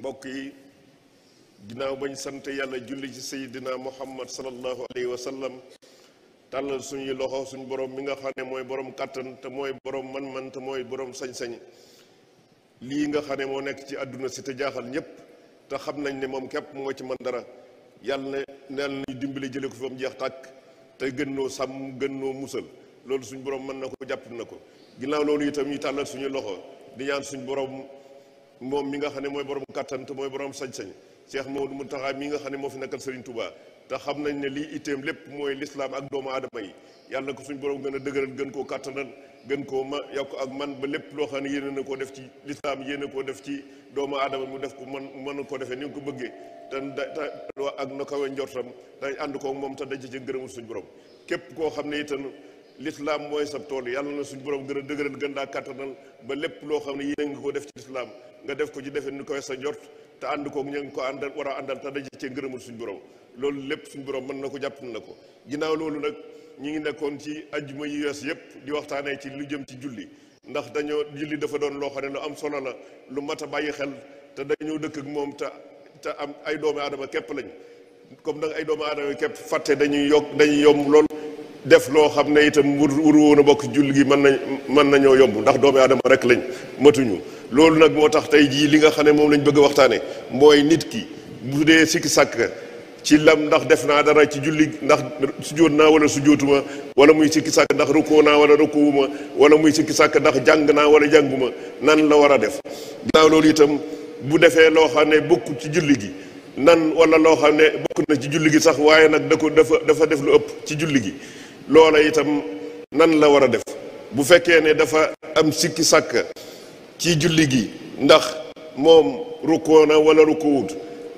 mbokk yi ginnaaw bañ sant yàlla julli ci sayidina muhammad sallallahu alayhi wa sallam tàllal suñuy loxo suñu borom mi nga xam ne mooy boroom kàttan te mooy boroom man-man te mooy boroom sañ-sañ lii nga xam ne moo nekk ci àdduna si te jaaxal ñépp te xam nañ ne moom képp moo ci man dara yàlla na yàlla nañu dimbali jële ko fi ba jeex tàkk te gën noo sàmm gën noo musal loolu suñu borom mën na ko jàpp na ko ginnaaw loolu itam ñu tàllal suñuy loxo di ñaan suñu borom. moom mi nga xam ne mooy borom kattan te mooy borom sañ-sañ Cheikh Maodo Mountakha mi nga xam ne moo fi nekkal Serigne Touba te xam nañ ne lii iteem lépp mooy lislaam ak doomu aadama yi yàlla ko suñ borom gën a dëgëral gën koo kàttanal gën koo ma yokk ak man ba lépp loo xam ne yéene na koo def ci lislaam yéene koo def ci doomu aadama mu def ko man mën koo defee ni nga ko bëggee te ak na kawe njortam dañ ànd koo moom te daje ci gërëmul suñ borom képp koo xam ne itam lislaam mooy sab tool yàlla na suñu borom gën a dëgëral gën daa kàttanal ba lépp loo xam ne yéen nga ko def ci lislaam nga def ko ci defe ni koy sa jot te ànd ko ñu ko àndal war a àndal te daje cee ngërëmul suñu borom loolu lépp suñu borom mën na ko jàpp na ko ginnaaw loolu nag ñu ngi nekkoon ci ajjuma yi wees yépp di waxtaanee ci lu jëm ci julli ndax dañoo julli dafa doon loo xam ne lu am solo la lu mat a bàyyi xel te dañoo dëkk ak moom te te am ay doomu aadama képp lañ comme nag ay doomu aadama képp fàtte dañuy yokk dañuy yomb lool def loo xam ne itam wur woon a bokk julli gi mën nañ mën nañoo yomb ndax doomi aadama rek lañ matuñu loolu nag moo tax tey jii li nga xam ne moom lañu bëgg a waxtaane mooy nit ki bu dee sikki sàkk ci lam ndax def naa dara ci julli ndax sujjóot naa wala sujjóotuma wala muy sikki sàkk ndax rukkoo naa wala rukkuwuma wala muy sikki sàkk ndax jàng naa wala jànguma nan la war a def ginnaaw itam bu defee loo ne bokk ci julli gi nan wala loo xam ne bokk na ci julli gi sax waaye nag da ko dafa dafa def lu ëpp ci julli gi loola itam nan la war a def bu fekkee ne dafa am sikki sàkk ci julli gi ndax moom rukkoo na wala rukkuwut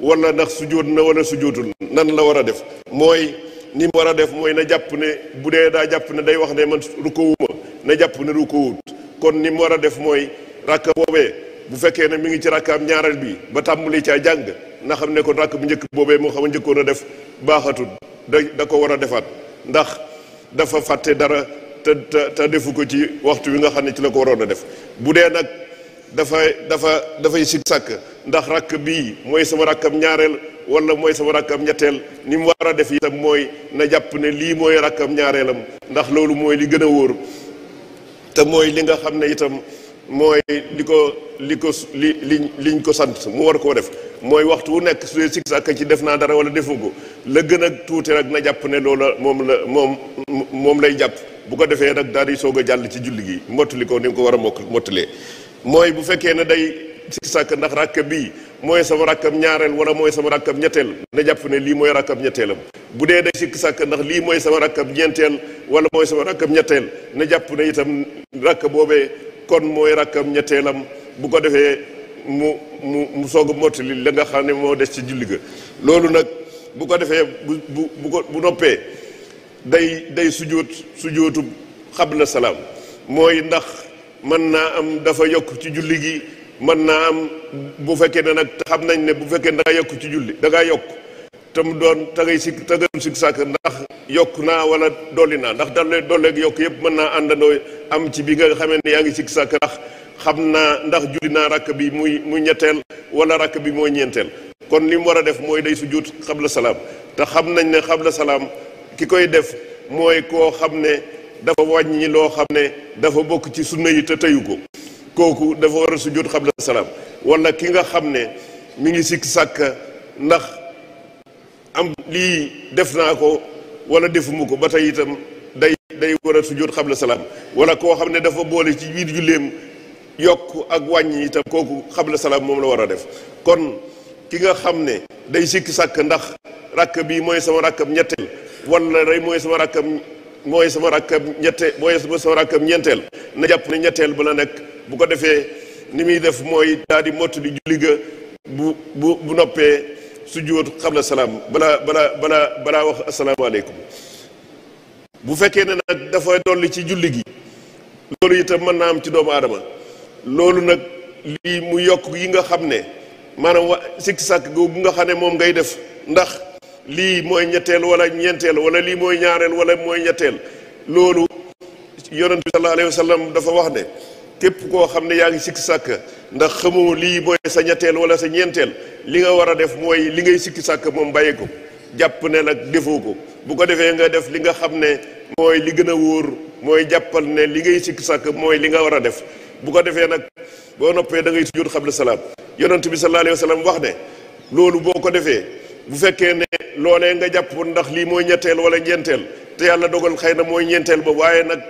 wala ndax sujjóot na war wala sujjóotul nan la war a def mooy ni mu war a def mooy na jàpp ne bu dee daa jàpp ne day wax ne man rukkoowuma na jàpp ne rukkoowut kon ni mu war a def mooy rakka boobee bu fekkee ne mu ngi ci rakkaam ñaareel bi ba tàmbali caa jàng na xam ne kon rakk bu njëkk boobee moo xam a njëkkoon a def baaxatul da da ko war a defaat ndax dafa fàtte dara te te defu ko ci waxtu wi nga xam ne ci la ko waroon a def bu dee nag dafay dafa dafay sikk sàkk ndax rakk bii mooy sama rakkam ñaareel wala mooy sama rakkam ñetteel ni mu war a def itam mooy na jàpp ne lii mooy rakkam ñaareelam ndax loolu mooy li gën a wóor te mooy li nga xam ne itam mooy li ko li ko li liñ liñ ko sant mu war koo def mooy waxtu wu nekk su dee sikk sàkk ci def naa dara wala defu ko la gën a tuuti nag na jàpp ne loola moom la moom moom lay jàpp bu ko defee nag daal di soog a jàll ci julli gi mottali ko ni ko war a mokk mottalee mooy bu fekkee ne day sikki sàkk ndax ràkk bii mooy sama ràkkam ñaareel wala mooy sama ràkkam ñetteel na jàpp ne lii mooy ràkkam ñetteelam bu dee day sikki sàkk ndax lii mooy sama ràkkam ñeenteel wala mooy sama ràkkam ñetteel na jàpp ne itam ràkk boobee kon mooy am ñetteelam bu ko defee mu mu mu soog a mottali la nga xam ne moo des ci julli ga loolu nag bu ko defee bu bu bu ko bu noppee day day sujóot xab na salaam mooy ndax mën naa am dafa yokk ci julli gi mën naa am bu fekkee ne nag xam nañ ne bu fekkee ne da nga yokk ci julli da ngaa yokk te mu doon tagay si tagam si ndax yokk naa wala dolli naa ndax dalle dolleeg yokk yëpp mën naa àndandoo am ci bi nga xamee ne yaa ngi si sàkk ndax xam naa ndax julli naa rakk bi muy muy ñetteel wala rakk bi mooy ñeenteel kon li mu war a def mooy day sujjuut xabla salaam te xam nañ ne xabla salaam ki koy def mooy koo xam ne dafa wàññi loo xam ne dafa bokk ci sunna yi te teyu ko kooku dafa war a sujjuut xabla salaam wala ki nga xam ne mi ngi sikk sàkk ndax am def naa ko wala defuma ko ba tey itam day day war a sujjuut xabla salaam wala koo xam ne dafa boole ci biir julleem yokk ak wàññi itam kooku xabla salaam moom la war a def kon ki nga xam ne day sikki sàkk ndax rakk bii mooy sama bi ñetteel wala rey mooy sama rakkab mooy sama rakkab ñetteel mooy sama rakkab ñeenteel na jàpp ne ñetteel ba nekk bu ko defee ni muy def mooy daal di mott di julli ga bu bu su noppee xam xabla salaam balaa balaa balaa balaa wax asalaamaaleykum bu fekkee ne nag dafa dolli ci julli gi loolu itam mën naa am ci doomu aadama loolu nag lii mu yokk yi nga xam ne maanaam wa sikki sàkk googu nga xam ne moom ngay def ndax lii mooy ñetteel wala ñeenteel wala lii mooy ñaareel wala mooy ñetteel loolu yonent sa sallallahu alayhi dafa wax ne képp koo xam ne yaa ngi sikki sàkk ndax xamoo lii mooy sa ñetteel wala sa ñeenteel li nga war a def mooy li ngay sikki sàkk moom bàyyi ko jàpp ne nag defoo ko bu ko defee nga def li nga xam ne mooy li gën a wóor mooy jàppal ne li ngay sikki sàkk mooy li nga war a def bu ko defee nag boo noppee da ngay sujjóot xabla salaam yonent bi sallallahu alayhi wax ne loolu boo ko defee bu fekkee ne loolee nga jàpp ndax lii mooy ñetteel wala ñeenteel te yàlla dogal xëy na mooy ñeenteel ba waaye nag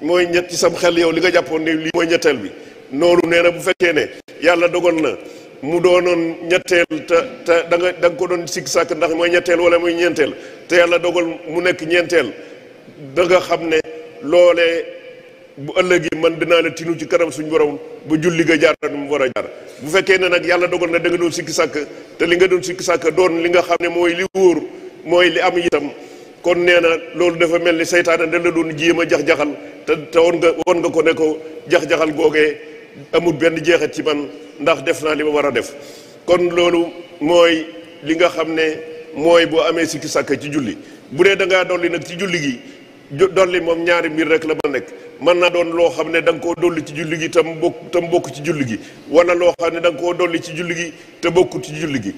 mooy ñett sam xel yow li nga jàppoon ne lii mooy ñetteel bi noonu nee na bu fekkee ne yàlla dogal na mu doonoon ñetteel te te da nga ko doon sikk sàkk ndax mooy ñetteel wala mooy ñeenteel te yàlla dogal mu nekk ñeenteel da xam ne loolee bu ëllëg yi man dinaa la tinu ci kanam suñu borom ba julli nga jaar mu war a jaar bu fekkee ne nag yàlla dogal na da nga doon sikki sàkk te li nga doon sikki sàkk doon li nga xam ne mooy li wóor mooy li am itam kon nee na loolu dafa mel ni seytaane da la doon jéem a jax-jaxal te te nga woon nga ko ko jax-jaxal googee amul benn jeexat ci man ndax def naa li ma war a def kon loolu mooy li nga xam ne mooy boo amee sikki sàkk ci julli bu dee da ngaa dolli nag ci julli gi dolli moom ñaari mbir rek la ma nekk mën na doon loo xam ne danga koo dolli ci julli gi tam bokk tam bokk ci julli gi wala loo xam ne danga koo dolli ci julli gi te bokk ci julli gi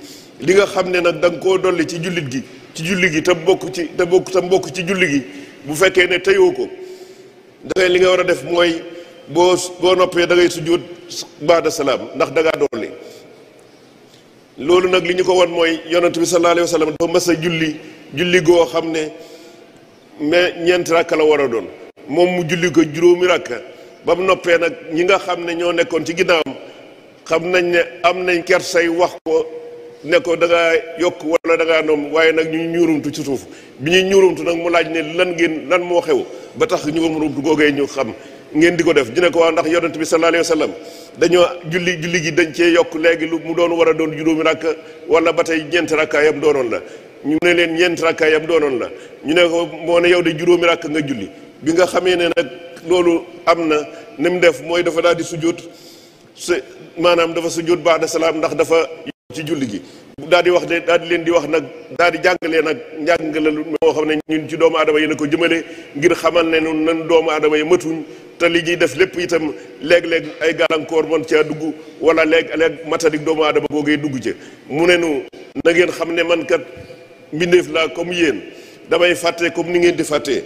li nga xam ne nag da nga koo dolli ci jullit gi ci julli gi tam bokk ci te bokk tam bokk ci julli gi bu fekkee ne teyoo ko dangay li nga war a def mooy boo boo noppee da ngay sujjóot de salaam ndax dangaa dolli loolu nag li ñu ko won mooy yonent bi sallallahu alayhi wa sallam dafa a julli julli goo xam ne mais ñeent rakk la war a doon moom mu julli ko juróomi rakka ba mu noppee nag ñi nga xam ne ñoo nekkoon ci ginnaawam xam nañ ne am nañ kersay wax ko ne ko da ngaa yokk wala da ngaa noom waaye nag ñu ñuurumtu ci suuf bi ñu ñuurumtu nag mu laaj ne lan ngeen lan moo xew ba tax ñu ñuurumtu googee ñu xam ngeen di ko def dina ko waa ndax yonent bi sallallahu alayhi wa sallam dañoo julli julli gi dañ cee yokk léegi lu mu doon war a doon juróomi rakk wala ba tey ñeenti rakkaayam doonoon la ñu ne leen ñeenti rakkaayam doonoon la ñu ne ko moo ne yow de juróomi rakk nga julli bi nga xamee ne nag loolu am na ni mu def mooy dafa daal di sujjóot se maanaam dafa sujjóot baada salaam ndax dafa ci julli gi daal di wax de daal di leen di wax nag daal di jàngalee nag njàngale lu moo xam ne ñun ci doomu aadama yi na ko jëmale ngir xamal ne nun nan doomu aadama yi matuñ te li ñuy def lépp itam léeg-léeg ay gàllankoor man caa dugg wala léeg-léeg doomu aadama googee dugg ca mu ne nu na ngeen xam ne man kat mbindeef laa comme yéen damay fàtte comme ni ngeen di fàttee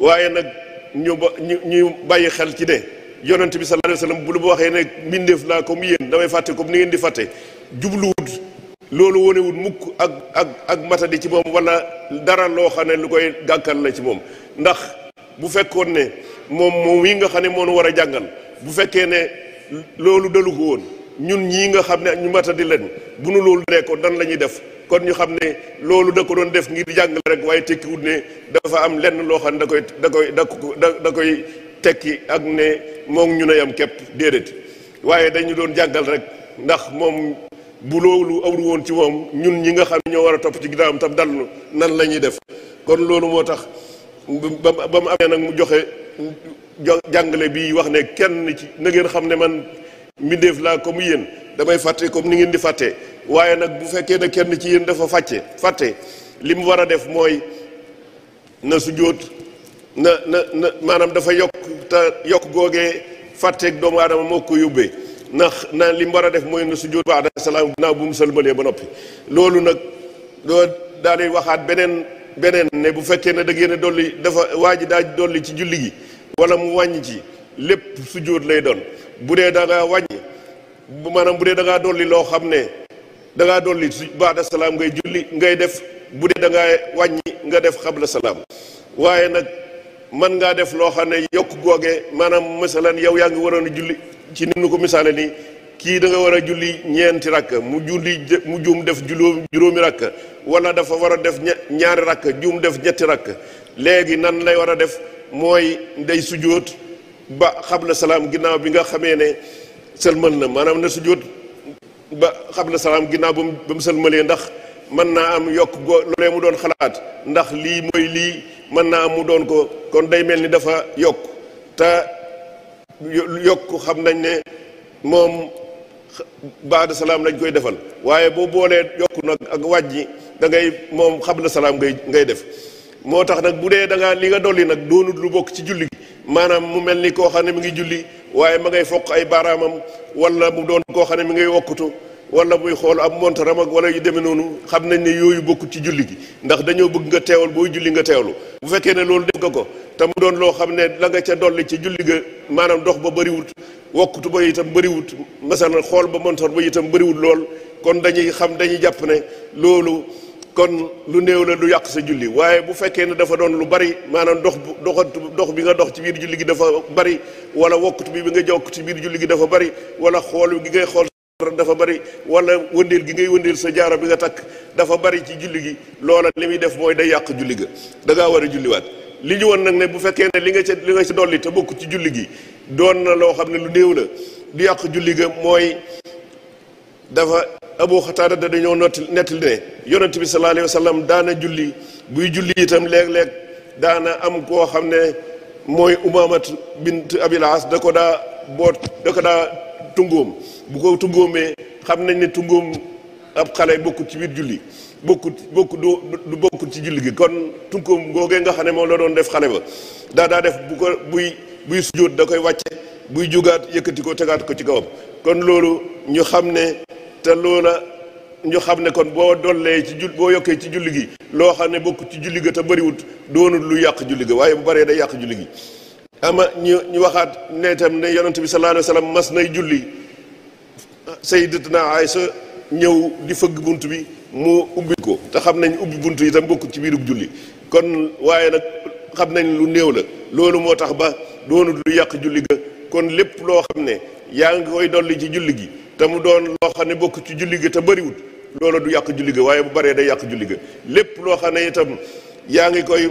waaye nag ñu ba ñu ñu bàyyi xel ci de yonent bi sallallahu alayhi wa sallam bu lu waxee ne mbindeef laa comme yéen damay fàtte comme ni ngeen di fàtte jubluwut loolu wonewut mukk ak ak ak di ci moom wala dara loo xam ne lu koy gàkkal la ci moom ndax bu fekkoon ne moom moom yi nga xam ne moo moonu war a jàngal bu fekkee ne loolu dalu ko woon ñun ñii nga xam ne ñu di leen bu nu loolu nekkoon dan la ñuy def kon ñu xam ne loolu da ko doon def ngir jàngale rek waaye tekkiwut ne dafa am lenn loo xam ne da koy da koy da da koy tekki ak ne moom ñun a yam képp déedéet waaye dañu doon jàngal rek ndax moom bu loolu awru woon ci moom ñun ñi nga xam ñoo war a topp ci ginnaawam tam dallu nan la ñuy def kon loolu moo tax ba ba mu amee nag mu joxe jàngale bi wax ne kenn ci na ngeen xam ne man mbindeef laa comme yéen damay fàtte comme ni ngeen di fàttee waaye nag bu fekkee ne kenn ci yéen dafa fàcce fàtte li mu war a def mooy na sujjóot na na na maanaam dafa yokk te yokk googee fàtteeg doomu aadama moo ko yóbbee ndax na li mu war a def mooy na sujjóot baada salaam ginnaaw bu mu sëlmalee ba noppi loolu nag doo waxaat beneen beneen ne bu fekkee ne da ngeen a dafa waa ji daa dolli ci julli gi wala mu wàññi ci lépp sujjóot lay doon bu dee da ngaa wàññi maanaam bu dee dangaa dolli loo xam ne da ngaa dolli su baada salaam ngay julli ngay def bu dee da ngaa wàññi nga def xabla salaam waaye nag mën ngaa def loo xam ne yokk googe maanaam masalan yow yaa ngi waroon a julli ci ni nu ko misaale nii kii da nga war a julli ñeenti rakk mu julli mu jum def juróom juróomi rakk wala dafa war a def ñaari rakk juum def ñetti rakk léegi nan lay war a def mooy ndey sujjóot ba xab la salaam ginnaaw bi nga xamee ne mën na maanaam na sujjóot ba xab na salaam ginnaaw ba mu ba mu sëlmalee ndax mën naa am yokk goo loolee mu doon xalaat ndax lii mooy lii mën naa am mu doon ko kon day mel ni dafa yokk te yokk xam nañ ne moom baada salaam lañ koy defal waaye boo boolee yokk nag ak wàññi da ngay moom xabla salaam ngay ngay def moo tax nag bu dee da ngaa li nga dolli nag doonut lu bokk ci julli gi maanaam mu mel ni koo xam ne mu ngi julli waaye ma ngay foq ay baaraamam wala mu doon koo xam ne mi ngay wokkutu wala muy xool ab montaram ak wala yu demee noonu xam nañ ne yooyu bokkut ci julli gi ndax dañoo bëgg nga teewal booy julli nga teewlu bu fekkee ne loolu def nga ko te mu doon loo xam ne la nga ca dolli ci julli ga maanaam dox ba bëriwut wokkutu ba itam bëriwut masalan xool ba montar ba itam bëriwut lool kon dañuy xam dañuy jàpp ne loolu kon lu néew la du yàq sa julli waaye bu fekkee ne dafa doon lu bari maanaam dox doxantu dox bi nga dox ci biir julli gi dafa bari wala wokkut bi bi nga jokk ci biir julli gi dafa bari wala xool gi ngay xool dafa bari wala wëndeel gi ngay wëndeel sa jaara bi nga takk dafa bari ci julli gi loola li muy def mooy day yàq julli ga da ngaa war a julliwaat li ñu woon nag ne bu fekkee ne li nga ca li nga ci dolli te bokk ci julli gi doon na loo xam ne lu néew la du yàq julli ga mooy dafa abu xataada da dañoo nottil nettali ne yonent bi sallallahu alayhi wa sallam daana julli buy julli itam léeg-léeg daana am koo xam ne mooy umaamat bint abilaas da ko daa boot da ko daa tungóom bu ko tungóomee xam nañ ne tungóom ab xale bokkut ci biir julli bokkut bokkut du bokkut ci julli gi kon tungóom googee nga xam ne moom la doon def xale ba daa daa def bu ko buy buy sujjóot da koy wàcce buy jugaat yëkkati ko tegaat ko ci kawam kon loolu ñu xam ne te loola ñu xam ne kon boo dollee ci jul boo yokkee ci julli gi loo xam ne bokk ci julli ga te bëriwut doonul lu yàq julli waaye bu baree day yàq julli gi ama ñu ñu waxaat ne itam ne yonent bi sallallahu alayhi wa sallam mas nay julli sayyidatuna ñëw di fëgg bunt bi mu ubbi ko te xam nañ ubbi bunt yi tam bokkut ci biirug julli kon waaye nag xam nañ lu néew la loolu moo tax ba doonul lu yàq julli ga kon lépp loo xam ne yaa ngi koy dolli ci julli gi te mu doon loo xam ne bokk ci julli gi te bëriwul loola du yàq julli ga waaye bu bëree day yàq julli ga lépp loo xam ne itam yaa ngi koy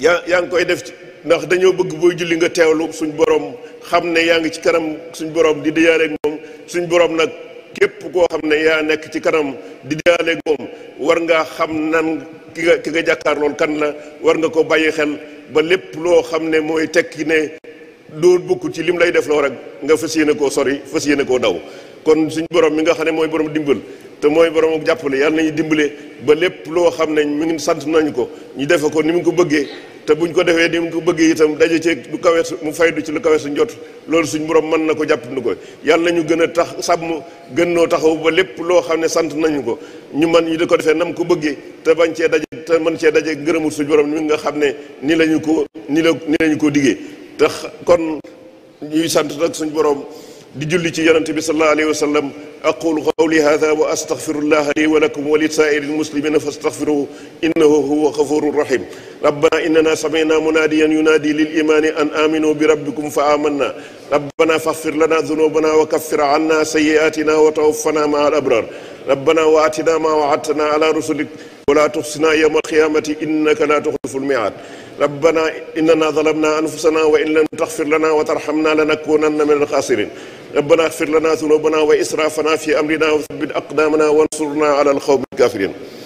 yaa yaa ngi koy def ndax dañoo bëgg booy julli nga teewlu suñ borom xam ne yaa ngi ci kanam suñ borom di diyaale ak moom suñ nag képp koo xam ne yaa nekk ci kanam di diyaale ak war ngaa xam nan ki nga ki jàkkaar lool kan la war nga ko bàyyi xel ba lépp loo xam ne mooy tekki ne doo bokk ci li mu lay def loo rek nga fës yéene koo sori fas yéene koo daw kon suñ borom mi nga xam ne mooy borom dimbal te mooy borom jàppale yàlla nañu dimbale ba lépp loo xam ne mi ngi sant nañ ko ñu defe ko ni mu ko bëggee te buñ ko defee ni ko bëggee itam daje ci lu kawe mu faydu ci lu kawe suñ jot loolu suñ borom mën na ko jàppandu ko yàlla nañu gën a tax sàmm gën noo taxaw ba lépp loo xam ne sant nañu ko ñu man ñu di ko defee nam ko bëggee te bañ cee daje te mën cee daje ngërëmul suñ borom nga xam ne ni lañu ko ni la ni lañu ko diggee te kon ñuy sant nag suñ borom di julli ci yonente bi sallallahu alayhi wa sallam aqulu qawli hadha wa astaghfirullaha li wa lakum wa lisaa'iri almuslimina fastaghfiruhu innahu huwa ghafurur rahim rabbana innana sami'na munadiyan yunadi lil imani an aminu bi rabbikum fa amanna rabbana faghfir lana dhunubana wa kaffir anna sayyi'atina wa tawaffana ma'a al abrar rabbana wa atina ma wa'adtana ala rusulik wa la tukhzina yawma al qiyamati innaka la tukhlifu al mi'ad ربنا إننا ظلمنا أنفسنا وإن لم تغفر لنا وترحمنا لنكونن من الخاسرين ربنا اغفر لنا ذنوبنا وإسرافنا في أمرنا وثبت أقدامنا وانصرنا على القوم الكافرين